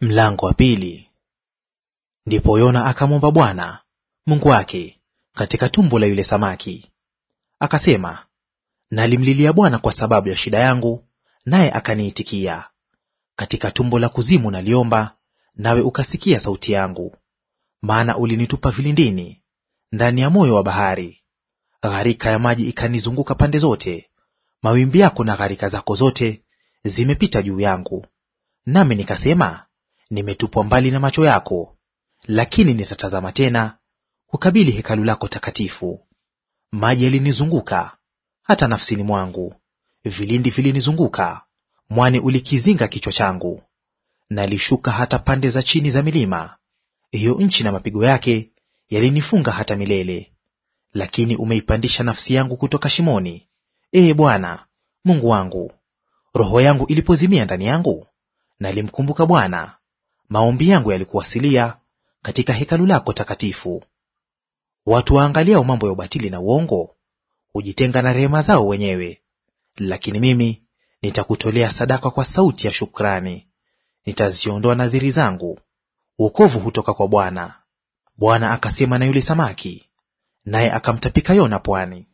Mlango wa pili. Ndipo Yona akamwomba Bwana Mungu wake katika tumbo la yule samaki. Akasema, nalimlilia Bwana kwa sababu ya shida yangu, naye akaniitikia. Katika tumbo la kuzimu naliomba, nawe ukasikia sauti yangu. Maana ulinitupa vilindini, ndani ya moyo wa bahari. Gharika ya maji ikanizunguka pande zote. Mawimbi yako na gharika zako zote zimepita juu yangu. Nami nikasema nimetupwa mbali na macho yako, lakini nitatazama tena kukabili hekalu lako takatifu. Maji yalinizunguka hata nafsini mwangu, vilindi vilinizunguka, mwani ulikizinga kichwa changu. Nalishuka hata pande za chini za milima, hiyo nchi na mapigo yake yalinifunga hata milele. Lakini umeipandisha nafsi yangu kutoka shimoni, ee Bwana Mungu wangu. Roho yangu ilipozimia ndani yangu, nalimkumbuka Bwana maombi yangu yalikuwasilia katika hekalu lako takatifu. Watu waangaliao mambo ya ubatili na uongo hujitenga na rehema zao wenyewe, lakini mimi nitakutolea sadaka kwa sauti ya shukrani, nitaziondoa nadhiri zangu. Wokovu hutoka kwa Bwana. Bwana akasema na yule samaki, naye akamtapika Yona pwani.